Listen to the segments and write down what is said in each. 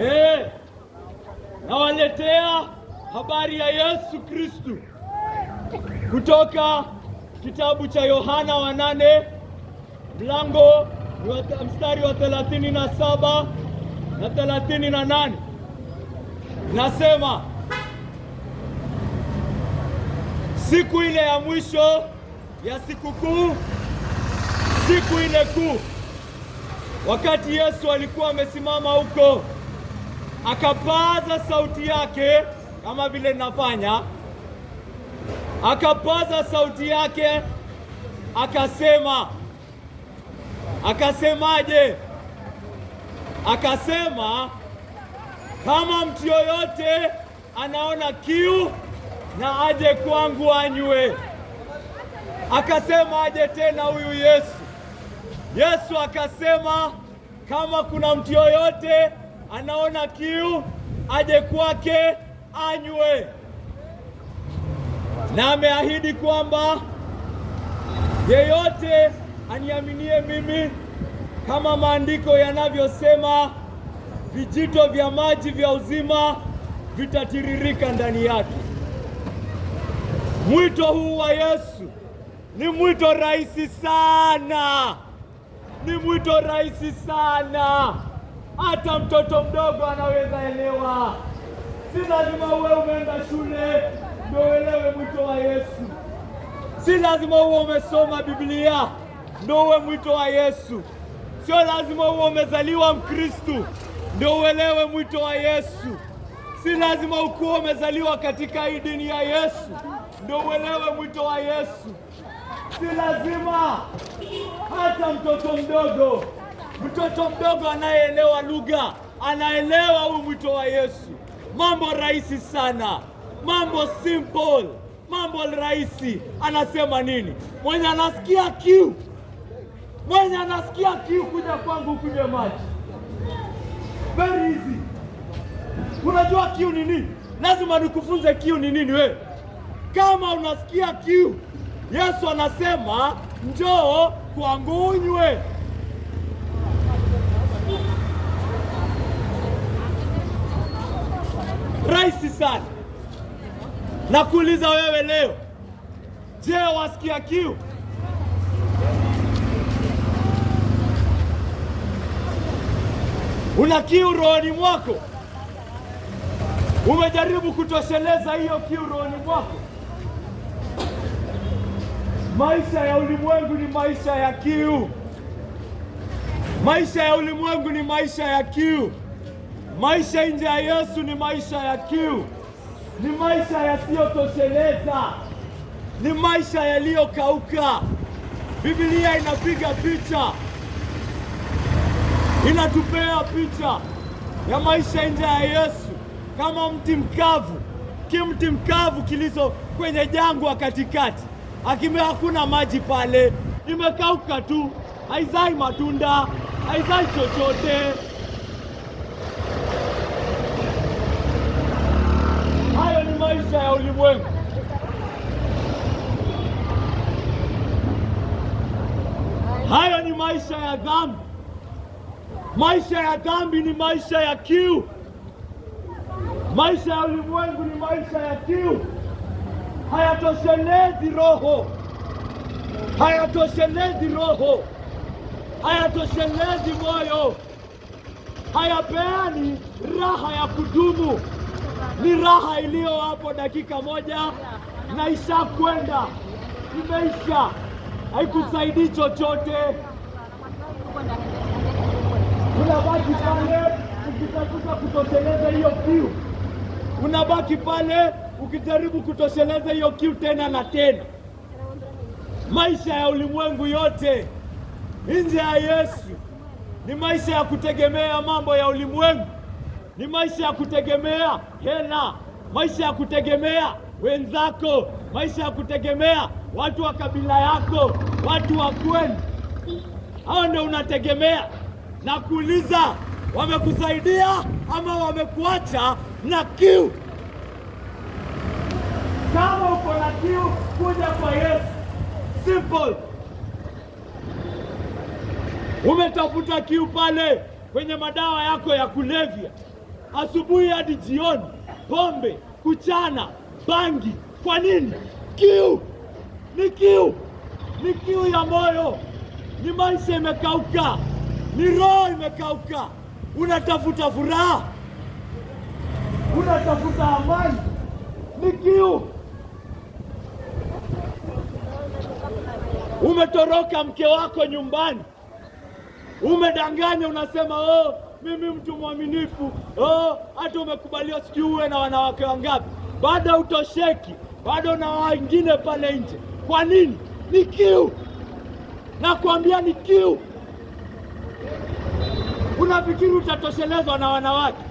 Eh, nawaletea habari ya Yesu Kristu kutoka kitabu cha Yohana wa nane mlango mstari wa 37 na 38, nasema siku ile ya mwisho ya sikukuu, siku ile kuu, wakati Yesu alikuwa amesimama huko akapaza sauti yake kama vile ninafanya, akapaza sauti yake akasema. Akasemaje? Akasema, kama mtu yoyote anaona kiu na aje kwangu anywe. Akasema aje tena huyu Yesu. Yesu akasema, kama kuna mtu yoyote anaona kiu aje kwake anywe, na ameahidi kwamba yeyote aniaminie mimi, kama maandiko yanavyosema, vijito vya maji vya uzima vitatiririka ndani yake. Mwito huu wa Yesu ni mwito rahisi sana, ni mwito rahisi sana hata mtoto mdogo anaweza elewa. Si lazima uwe umeenda shule ndio uelewe mwito wa Yesu. Si lazima uwe umesoma Biblia ndio uwe mwito wa Yesu. Sio lazima uwe umezaliwa Mkristu ndio uelewe mwito wa Yesu. Si lazima ukuwa umezaliwa katika hii dini ya Yesu ndio uelewe mwito wa Yesu. Si lazima, hata mtoto mdogo Mtoto mdogo anayeelewa lugha anaelewa huu mwito wa Yesu. Mambo rahisi sana, mambo simple, mambo rahisi. Anasema nini? Mwenye anasikia kiu, mwenye anasikia kiu, kuja kwangu, kunywa maji. Very easy. Unajua kiu ni nini? Lazima nikufunze kiu ni nini we. Kama unasikia kiu, Yesu anasema njoo kwangu unywe. rahisi sana. Nakuuliza wewe leo, je, wasikia kiu? Una kiu rohoni mwako? Umejaribu kutosheleza hiyo kiu rohoni mwako? Maisha ya ulimwengu ni maisha ya kiu. Maisha ya ulimwengu ni maisha ya kiu. Maisha nje ya Yesu ni maisha ya kiu, ni maisha yasiyotosheleza, ni maisha yaliyokauka. Biblia inapiga picha, inatupea picha ya maisha nje ya Yesu kama mti mkavu, kimti mkavu kilizo kwenye jangwa katikati, akime hakuna maji pale, imekauka tu, haizai matunda, haizai chochote. maisha ya ulimwengu. Hayo ni maisha ya dhambi. Maisha ya dhambi ni maisha ya kiu. Maisha ya ulimwengu ni maisha ya kiu, hayatoshelezi roho, hayatoshelezi roho, hayatoshelezi moyo, hayapeani raha ya kudumu ni raha iliyo hapo dakika moja na ishakwenda, imeisha, haikusaidii chochote. Unabaki pale ukitafuta kutosheleza hiyo kiu, unabaki pale ukijaribu kutosheleza hiyo kiu tena na tena. Maisha ya ulimwengu yote nje ya Yesu ni maisha ya kutegemea mambo ya ulimwengu ni maisha ya kutegemea hela, maisha ya kutegemea wenzako, maisha ya kutegemea watu wa kabila yako, watu wa kwenu. Hao ndio unategemea na kuuliza, wamekusaidia ama wamekuacha na kiu? Kama uko na kiu, kuja kwa Yesu. Simple. Umetafuta kiu pale kwenye madawa yako ya kulevya asubuhi hadi jioni, pombe, kuchana, bangi. Kwa nini? Kiu ni kiu, ni kiu ya moyo, ni maisha imekauka, ni roho imekauka. Unatafuta furaha, unatafuta amani, ni kiu. Umetoroka mke wako nyumbani, umedanganya, unasema oh mimi mtu mwaminifu. Oh, hata umekubaliwa sijui uwe na wanawake wangapi, bado utosheki, bado na wengine pale nje. Kwa nini? Ni kiu, nakwambia ni kiu. Unafikiri utatoshelezwa na wanawake?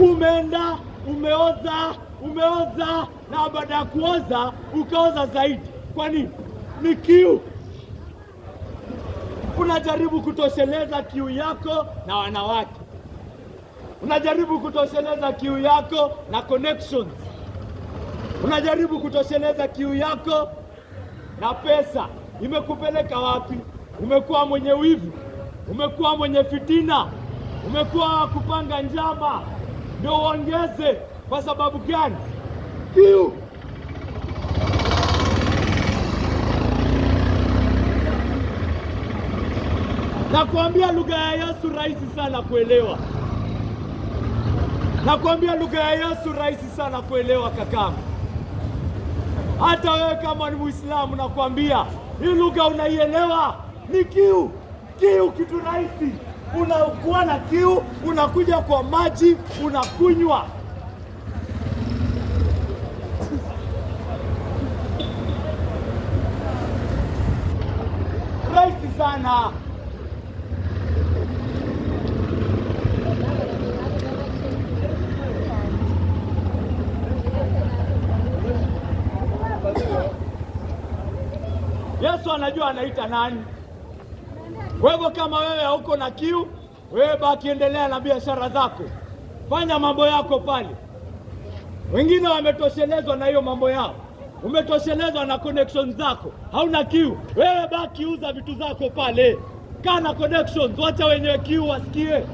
Umeenda umeoza, umeoza na baada ya kuoza ukaoza zaidi. Kwa nini? Ni kiu unajaribu kutosheleza kiu yako na wanawake, unajaribu kutosheleza kiu yako na connections, unajaribu kutosheleza kiu yako na pesa. Imekupeleka wapi? Umekuwa mwenye wivu, umekuwa mwenye fitina, umekuwa kupanga njama. Ndio uongeze. Kwa sababu gani? Kiu Nakwambia lugha ya Yesu rahisi sana kuelewa. Nakwambia lugha ya Yesu rahisi sana kuelewa kakamu. Hata wewe kama ni Muislamu nakwambia hii lugha unaielewa, ni kiu. Kiu kitu rahisi, unakuwa na kiu, unakuja kwa maji unakunywa. rahisi sana. anajua anaita nani. Kwa hivyo kama wewe hauko na kiu, wewe baki endelea na biashara zako, fanya mambo yako pale. Wengine wametoshelezwa na hiyo mambo yao, umetoshelezwa na connections zako, hauna kiu. Wewe baki uza vitu zako pale, kaa na connections, wacha wenye kiu wasikie.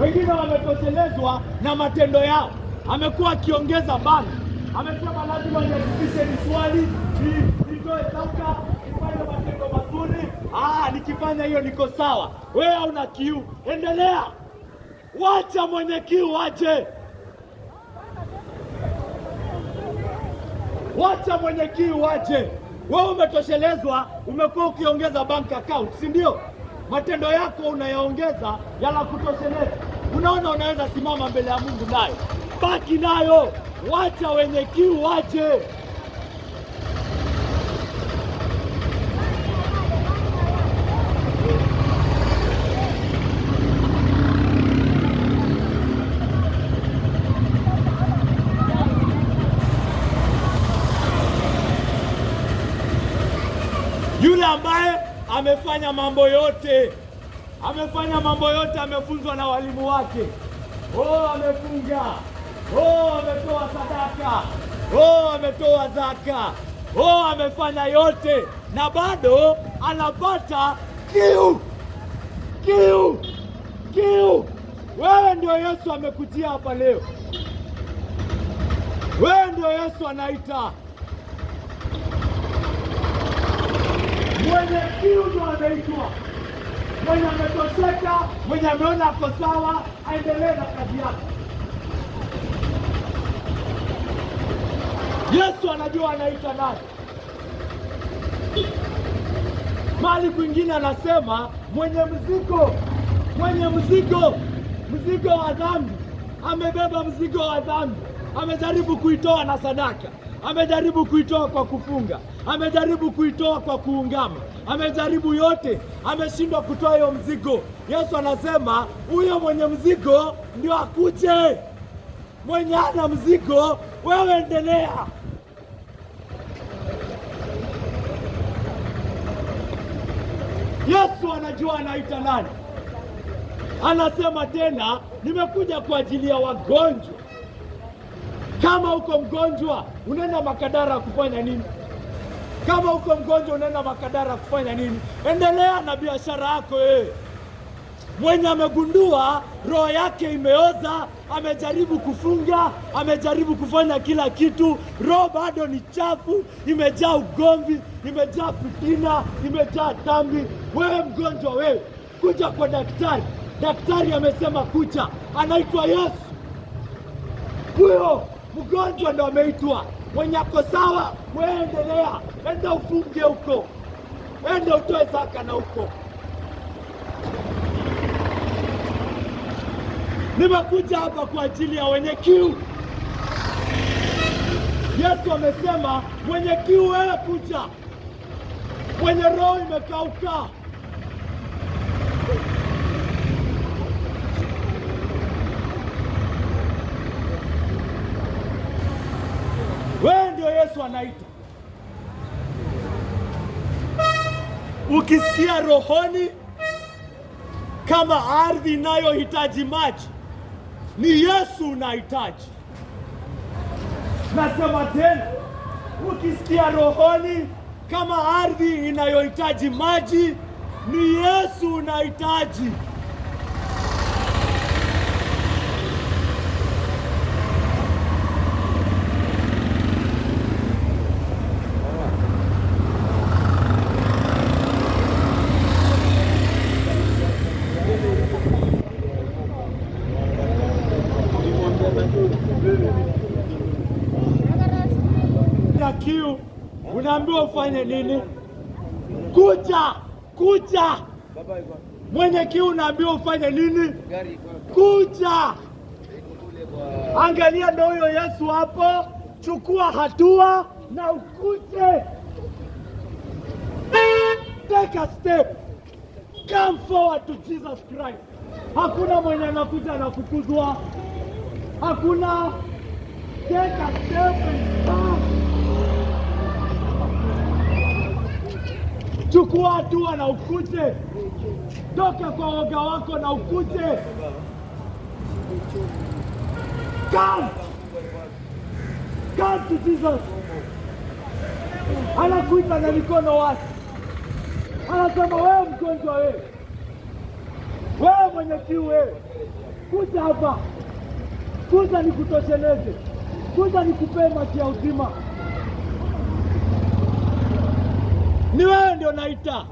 Wengine wametoshelezwa na matendo yao, amekuwa akiongeza bana amesema lazima niafikishe miswali nitoe taka nifanye matendo mazuri. Ah, nikifanya hiyo niko sawa. Wewe hauna kiu, endelea, wacha mwenye kiu aje, wacha mwenye kiu aje. Wewe umetoshelezwa, umekuwa ukiongeza bank account, si ndio? Matendo yako unayaongeza yanakutosheleza. Unaona unaweza simama mbele ya Mungu nayo, baki nayo wacha wenye kiu waje. Yule ambaye amefanya mambo yote, amefanya mambo yote, amefunzwa na walimu wake. Oh, amefunga oh, ametoa sadaka oh, ametoa zaka oh, amefanya yote na bado anapata kiu, kiu, kiu. Wewe ndio Yesu amekutia hapa leo, wewe ndio Yesu anaita. Mwenye kiu ndio anaitwa, mwenye ametosheka, mwenye ameona ako sawa, aendelee na kazi yake. Yesu anajua anaita nani. Mali kwingine anasema mwenye mzigo, mwenye mzigo, mzigo wa dhambi. Amebeba mzigo wa dhambi, amejaribu kuitoa na sadaka, amejaribu kuitoa kwa kufunga, amejaribu kuitoa kwa kuungama, amejaribu yote, ameshindwa kutoa hiyo mzigo. Yesu anasema huyo mwenye mzigo ndio akuje. Mwenye ana mzigo wewe endelea. Yesu anajua anaita nani. Anasema tena, nimekuja kwa ajili ya wagonjwa. Kama uko mgonjwa unaenda Makadara kufanya nini? Kama uko mgonjwa unaenda Makadara kufanya nini? Endelea na biashara yako wewe mwenye amegundua roho yake imeoza, amejaribu kufunga, amejaribu kufanya kila kitu, roho bado ni chafu, imejaa ugomvi, imejaa fitina, imejaa dhambi. Wewe mgonjwa, wewe kuja kwa daktari. Daktari amesema kucha, anaitwa Yesu. Huyo mgonjwa ndo ameitwa. Mwenye ako sawa, wewe enda ufunge huko, enda utoe zaka na huko Nimekuja hapa kwa ajili ya wenye kiu. Yesu amesema mwenye kiu, wewe kuja, mwenye roho imekauka. Wewe ndio Yesu anaita. Ukisikia rohoni kama ardhi inayohitaji maji ni Yesu unahitaji. Nasema tena, ukisikia rohoni kama ardhi inayohitaji maji, ni Yesu unahitaji. na kiu, unaambiwa ufanye nini? Kuja, kuja. Mwenye kiu unaambiwa ufanye nini? Kuja. Angalia, ndio huyo Yesu hapo. Chukua hatua na ukuje. Take a step. Come forward to Jesus Christ. Hakuna mwenye anakuja anafukuzwa hakuna teka Chukua hatua na ukuje, toka kwa woga wako na ukuje. Come, come to Jesus. Anakuita na mikono wazi, anasema wewe mgonjwa, wewe wewe mwenye kiu, wewe kuja hapa kuja nikutosheleze, kuja nikupee maji ya uzima. Ni wewe ndio naita,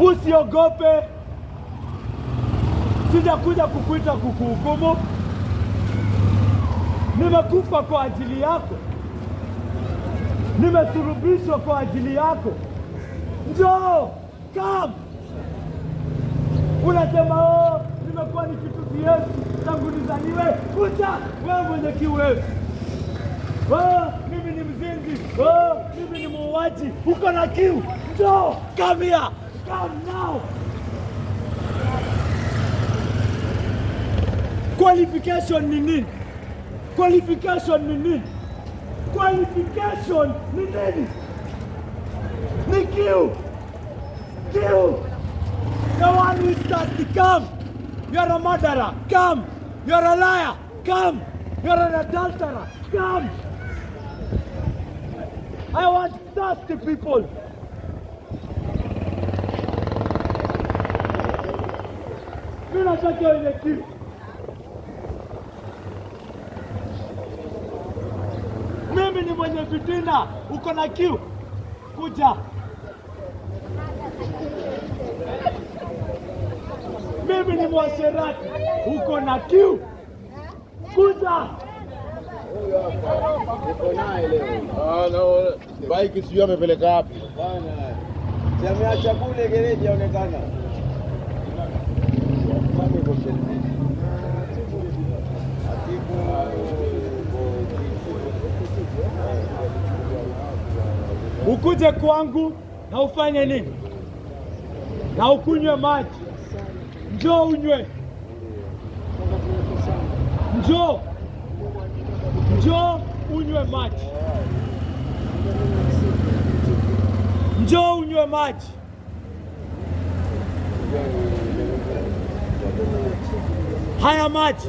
usiogope. Sijakuja kukuita kukuhukumu, nimekufa kwa ajili yako, nimesulubishwa kwa ajili yako. Njoo, come unasema oh, nimekuwa kitu Yesu tangu nizaliwe. Kucha wewe mwenye kiwe, wewe, mimi ni mzinzi, oh, mimi ni muuaji, uko na kiu, No, come here, come now. Qualification ni nini? Qualification ni nini? Qualification ni nini? Ni kiu, kiu The one who starts come. You're a murderer. Come. You're a liar. Come. You're an adulterer. Come. I want thirsty people. Mimi nataka wenye kiu. Mimi ni mwenye fitina, uko na kiu, kuja Mimi ni mwasherati, uko na kiu kuja ah, bike. sijui amepeleka wapi? Ameacha kule gereji, aonekana ukuje kwangu na ufanye nini? Na ukunywe maji njoo unywe, njoo njoo unywe maji, njoo unywe maji. Haya maji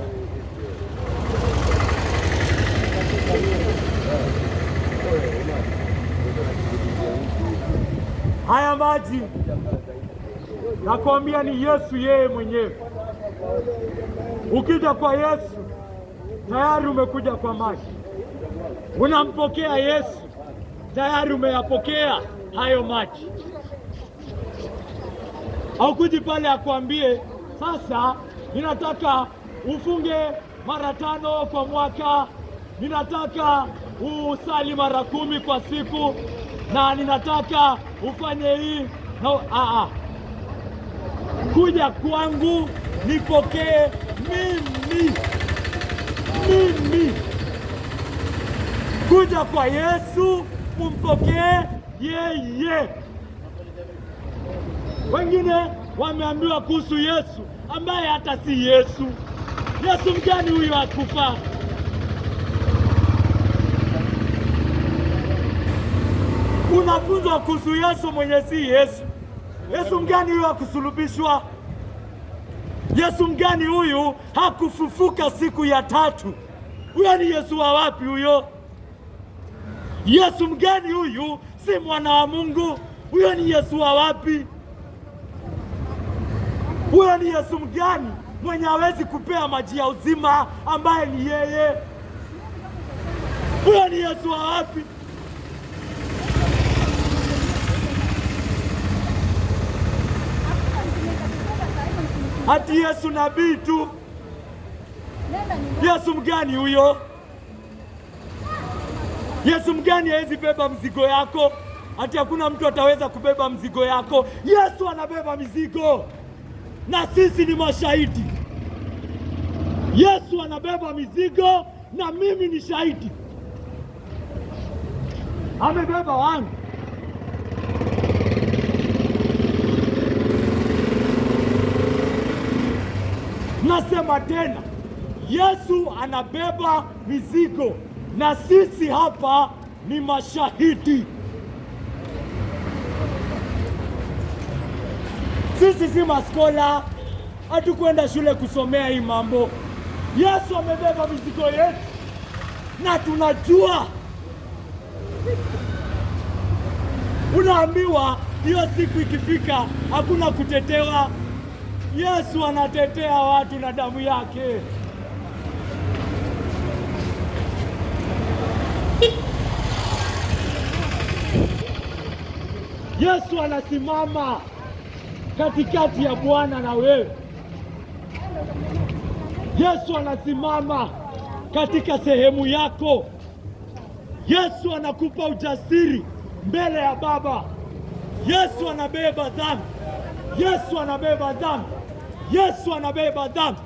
haya maji Nakwambia ni Yesu yeye mwenyewe. Ukija kwa Yesu tayari umekuja kwa maji. Unampokea Yesu tayari umeyapokea hayo maji. Haukuji pale akwambie sasa, ninataka ufunge mara tano kwa mwaka, ninataka usali mara kumi kwa siku, na ninataka ufanye hii na a ah, a ah kuja kwangu nipokee mimi mimi. Kuja kwa Yesu mumpokee yeye. Wengine wameambiwa kuhusu Yesu ambaye hata si Yesu. Yesu mjani huyo akufa Unafunzwa kuhusu Yesu mwenye si Yesu. Yesu mgani huyu hakusulubishwa? Yesu mgani huyu hakufufuka siku ya tatu? Huyo ni Yesu wa wapi huyo? Yesu mgani huyu si mwana wa Mungu? Huyo ni Yesu wa wapi? Huyo ni Yesu mgani mwenye hawezi kupea maji ya uzima ambaye ni yeye? Huyo ni Yesu wa wapi? Ati Yesu nabii tu? Yesu mgani huyo? Yesu mgani hawezi beba mzigo yako? Ati hakuna mtu ataweza kubeba mzigo yako? Yesu anabeba mizigo na sisi ni mashahidi. Yesu anabeba mizigo na mimi ni shahidi, amebeba wangu. Nasema tena, Yesu anabeba mizigo na sisi hapa ni mashahidi. Sisi si maskola, hatukwenda shule kusomea hii mambo. Yesu amebeba mizigo yetu na tunajua. Unaambiwa hiyo siku ikifika, hakuna kutetewa Yesu anatetea watu na damu yake. Yesu anasimama katikati ya Bwana na wewe. Yesu anasimama katika sehemu yako. Yesu anakupa ujasiri mbele ya Baba. Yesu anabeba dhambi. Yesu anabeba dhambi. Yesu anabeba dhambi,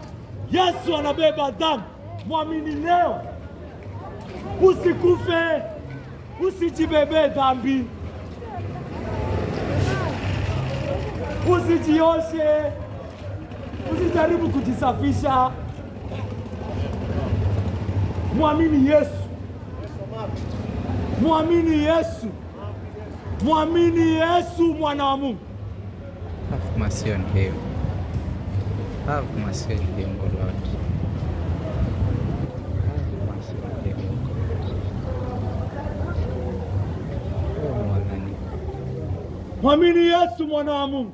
Yesu anabeba dhambi. Mwamini leo, usikufe, usijibebe dhambi, usijioshe, usijaribu kujisafisha. Mwamini Yesu, mwamini Yesu, mwamini Yesu, mwana wa Mungu. Ah, Mwamini Yesu mwana wa Mungu.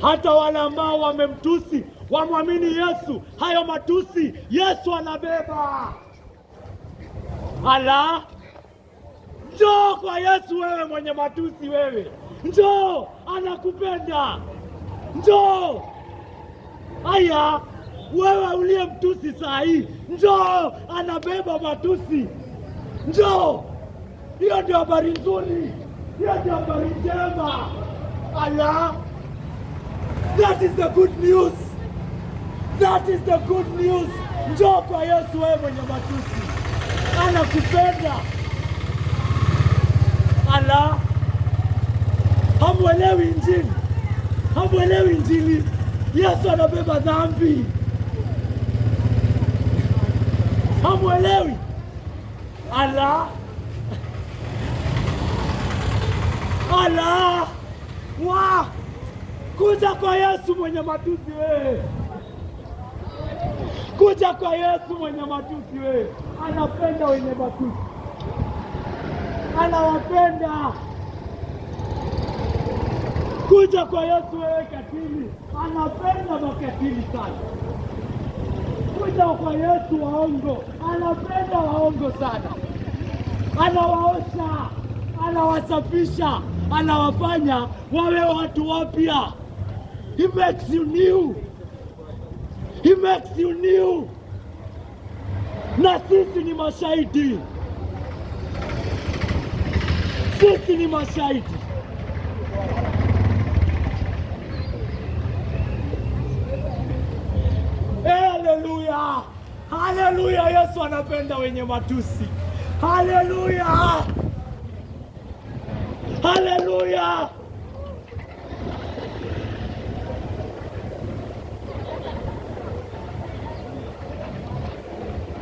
Hata wale ambao wamemtusi wamwamini Yesu. Hayo matusi Yesu anabeba. Ala, njoo kwa Yesu, wewe mwenye matusi, wewe njoo anakupenda njoo. Haya, wewe uliye mtusi saa hii, njoo, anabeba matusi, njoo. Hiyo ndio habari nzuri, hiyo ndio habari njema. Aya, that is the good news, that is the good news. Njoo kwa Yesu, wewe mwenye matusi, anakupenda. Hamwelewi Injili, hamwelewi Injili. Yesu anabeba dhambi, hamwelewi ala ala wa kuja kwa Yesu mwenye matusi we, kuja kwa Yesu mwenye matusi we, Anapenda wenye matusi, anawapenda. Kuja kwa Yesu wewe katili, anapenda makatili sana. Kuja kwa Yesu waongo, anapenda waongo sana, anawaosha, anawasafisha, anawafanya wawe watu wapya. He makes you new. He makes you new. Na sisi ni mashahidi, sisi ni mashahidi Haleluya, haleluya! Yesu anapenda wenye matusi. Haleluya, haleluya!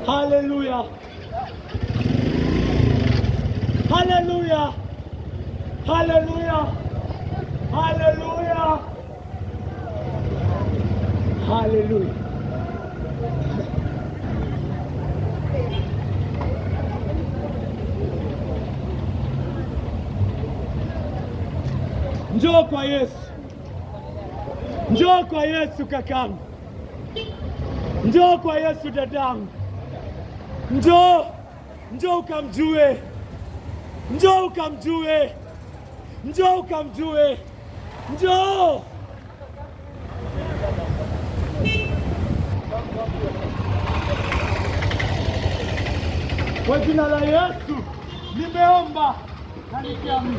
Haleluya. Haleluya. Haleluya. Haleluya. Haleluya. Njoo kwa Yesu, njoo kwa Yesu kakangu, njoo kwa Yesu dadangu, njoo njoo ukamjue, njoo ukamjue, njoo ukamjue, njoo kwa jina la Yesu nimeomba na nikiamini.